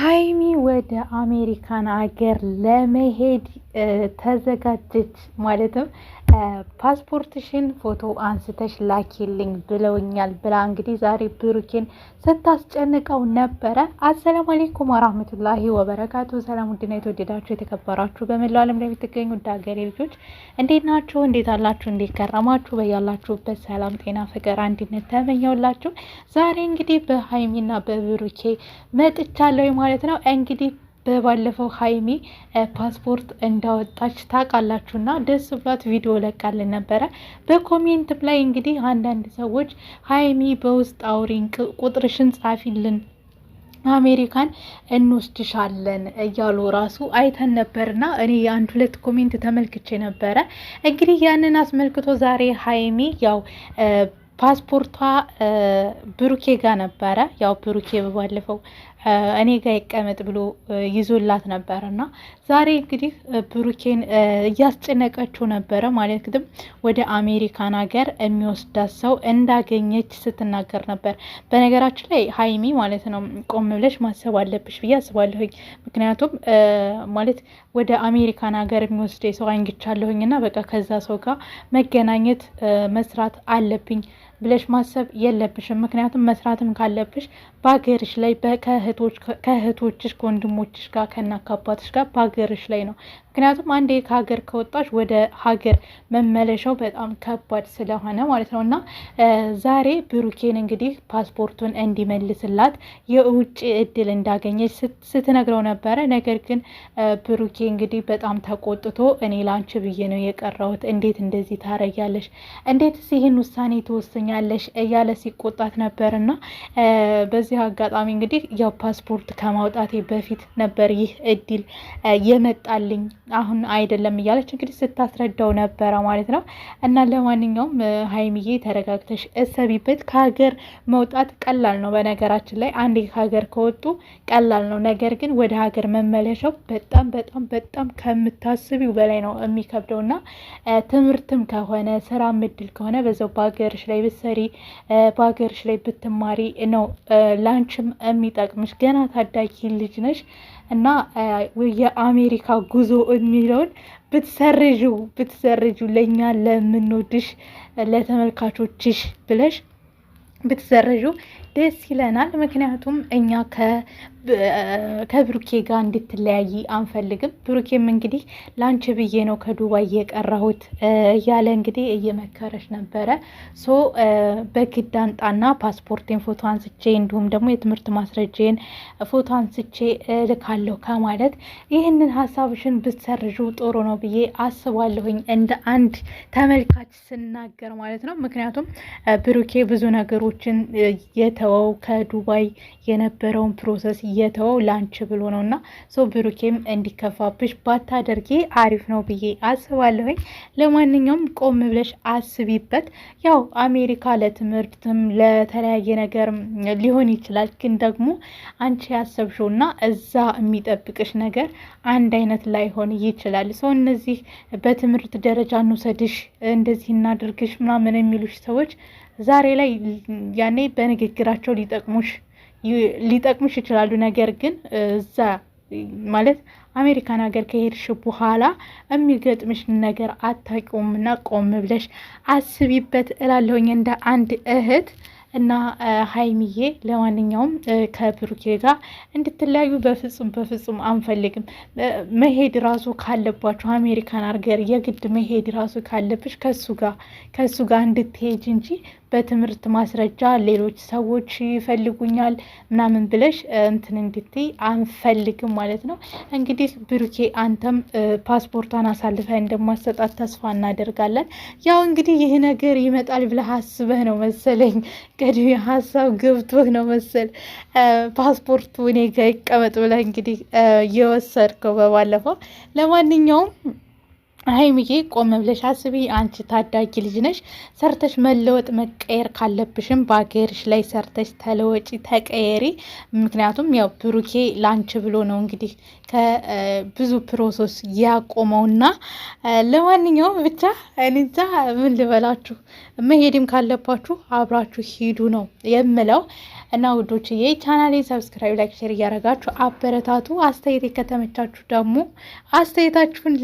ሀይሚ ወደ አሜሪካን አገር ለመሄድ ተዘጋጀች ማለትም ፓስፖርትሽን ፎቶ አንስተሽ ላኪልኝ ብለውኛል ብላ እንግዲህ ዛሬ ብሩኬን ስታስጨንቀው ነበረ። አሰላሙ አሌይኩም ወራህመቱላሂ ወበረካቱ። ሰላም ውድና የተወደዳችሁ የተከበራችሁ በመላው ዓለም ላይ የምትገኙ ውድ ሀገሬ ልጆች እንዴት ናችሁ? እንዴት አላችሁ? እንዴት ከረማችሁ? በያላችሁበት ሰላም፣ ጤና፣ ፍቅር፣ አንድነት ተመኘውላችሁ። ዛሬ እንግዲህ በሀይሚና በብሩኬ መጥቻለሁ ማለት ነው እንግዲህ በባለፈው ሀይሚ ፓስፖርት እንዳወጣች ታውቃላችሁና ደስ ብሏት ቪዲዮ ለቃልን ነበረ። በኮሜንትም ላይ እንግዲህ አንዳንድ ሰዎች ሀይሚ በውስጥ አውሪን፣ ቁጥርሽን ጻፊልን አሜሪካን እንወስድሻለን እያሉ ራሱ አይተን ነበርና እኔ የአንድ ሁለት ኮሜንት ተመልክቼ ነበረ። እንግዲህ ያንን አስመልክቶ ዛሬ ሀይሚ ያው ፓስፖርቷ ብሩኬ ጋር ነበረ። ያው ብሩኬ በባለፈው እኔ ጋር ይቀመጥ ብሎ ይዞላት ነበረ እና ዛሬ እንግዲህ ብሩኬን እያስጨነቀችው ነበረ። ማለት ግድም ወደ አሜሪካን ሀገር የሚወስዳት ሰው እንዳገኘች ስትናገር ነበር። በነገራችን ላይ ሀይሚ ማለት ነው ቆም ብለሽ ማሰብ አለብሽ ብዬ አስባለሁኝ። ምክንያቱም ማለት ወደ አሜሪካን ሀገር የሚወስደ ሰው አንግቻለሁኝ እና በቃ ከዛ ሰው ጋር መገናኘት መስራት አለብኝ ብለሽ ማሰብ የለብሽም። ምክንያቱም መስራትም ካለብሽ በሀገርሽ ላይ ከእህቶችሽ፣ ከወንድሞችሽ ጋር ከና ከአባትሽ ጋር በሀገርሽ ላይ ነው። ምክንያቱም አንዴ ከሀገር ከወጣሽ ወደ ሀገር መመለሻው በጣም ከባድ ስለሆነ ማለት ነው እና ዛሬ ብሩኬን እንግዲህ ፓስፖርቱን እንዲመልስላት የውጭ እድል እንዳገኘች ስትነግረው ነበረ። ነገር ግን ብሩኬ እንግዲህ በጣም ተቆጥቶ እኔ ላንቺ ብዬ ነው የቀረሁት፣ እንዴት እንደዚህ ታረጊያለሽ? እንዴት ይህን ውሳኔ ተወሰኛ ትሆኛለሽ እያለ ሲቆጣት ነበር። እና በዚህ አጋጣሚ እንግዲህ ያው ፓስፖርት ከማውጣቴ በፊት ነበር ይህ እድል የመጣልኝ አሁን አይደለም እያለች እንግዲህ ስታስረዳው ነበረ ማለት ነው። እና ለማንኛውም ሀይሚዬ ተረጋግተሽ እሰቢበት። ከሀገር መውጣት ቀላል ነው። በነገራችን ላይ አንዴ ከሀገር ከወጡ ቀላል ነው። ነገር ግን ወደ ሀገር መመለሻው በጣም በጣም በጣም ከምታስቢው በላይ ነው የሚከብደው። እና ትምህርትም ከሆነ ስራ ምድል ከሆነ በዛው በሀገርሽ ላይ ብትሰሪ በሀገርሽ ላይ ብትማሪ ነው ላንችም የሚጠቅምሽ። ገና ታዳጊ ልጅ ነሽ እና የአሜሪካ ጉዞ የሚለውን ብትሰርጁ ብትሰርጁ ለእኛ ለምንወድሽ ለተመልካቾችሽ ብለሽ ብትሰርዡ ደስ ይለናል። ምክንያቱም እኛ ከብሩኬ ጋር እንድትለያይ አንፈልግም። ብሩኬም እንግዲህ ላንቺ ብዬ ነው ከዱባይ የቀረሁት እያለ እንግዲህ እየመከረች ነበረ። ሶ በግድ አንጣና ፓስፖርቴን ፎቶ አንስቼ እንዲሁም ደግሞ የትምህርት ማስረጃዬን ፎቶ አንስቼ ልካለሁ ከማለት ይህንን ሀሳብሽን ብትሰርዥ ጥሩ ነው ብዬ አስባለሁኝ፣ እንደ አንድ ተመልካች ስናገር ማለት ነው። ምክንያቱም ብሩኬ ብዙ ነገሮችን የተ የተወው ከዱባይ የነበረውን ፕሮሰስ የተወው ላንች ብሎ ነው እና ሶ ብሩኬም እንዲከፋብሽ ባታደርጊ አሪፍ ነው ብዬ አስባለሁኝ። ለማንኛውም ቆም ብለሽ አስቢበት። ያው አሜሪካ ለትምህርትም ለተለያየ ነገር ሊሆን ይችላል፣ ግን ደግሞ አንቺ እና እዛ የሚጠብቅሽ ነገር አንድ አይነት ላይሆን ይችላል። ሰው እነዚህ በትምህርት ደረጃ እንውሰድሽ እንደዚህ እናድርግሽ ምናምን የሚሉሽ ሰዎች ዛሬ ላይ ያኔ በንግግር በንግግራቸው ሊጠቅሙሽ ሊጠቅምሽ ይችላሉ። ነገር ግን እዛ ማለት አሜሪካን ሀገር ከሄድሽ በኋላ የሚገጥምሽ ነገር አታውቂውምና ቆም ብለሽ አስቢበት እላለሁኝ እንደ አንድ እህት እና ሀይሚዬ ለማንኛውም ከብሩኬ ጋር እንድትለያዩ በፍጹም በፍጹም አንፈልግም። መሄድ ራሱ ካለባችሁ አሜሪካን አርገር የግድ መሄድ ራሱ ካለብሽ ከሱ ጋር ከሱ ጋር እንድትሄጅ እንጂ በትምህርት ማስረጃ ሌሎች ሰዎች ይፈልጉኛል ምናምን ብለሽ እንትን እንድትይ አንፈልግም ማለት ነው። እንግዲህ ብሩኬ አንተም ፓስፖርቷን አሳልፈ እንደማሰጣት ተስፋ እናደርጋለን። ያው እንግዲህ ይህ ነገር ይመጣል ብለህ አስበህ ነው መሰለኝ፣ ቅድሜ ሀሳብ ገብቶህ ነው መሰል ፓስፖርቱ እኔ ጋ ይቀመጥ ብለህ እንግዲህ የወሰድከው በባለፈው። ለማንኛውም ሀይሚዬ ቆም ብለሽ አስቢ። አንቺ ታዳጊ ልጅ ነሽ። ሰርተሽ መለወጥ መቀየር ካለብሽም በሀገርሽ ላይ ሰርተሽ ተለወጪ፣ ተቀየሪ። ምክንያቱም ያው ብሩኬ ላንቺ ብሎ ነው እንግዲህ ከብዙ ፕሮሰስ ያቆመውና ለማንኛውም ብቻ እኔዛ ምን ልበላችሁ፣ መሄድም ካለባችሁ አብራችሁ ሂዱ ነው የምለው እና ውዶችዬ፣ ቻናሌ ሰብስክራይብ፣ ላይክ፣ ሼር እያረጋችሁ አበረታቱ። አስተያየት ከተመቻችሁ ደግሞ አስተያየታችሁን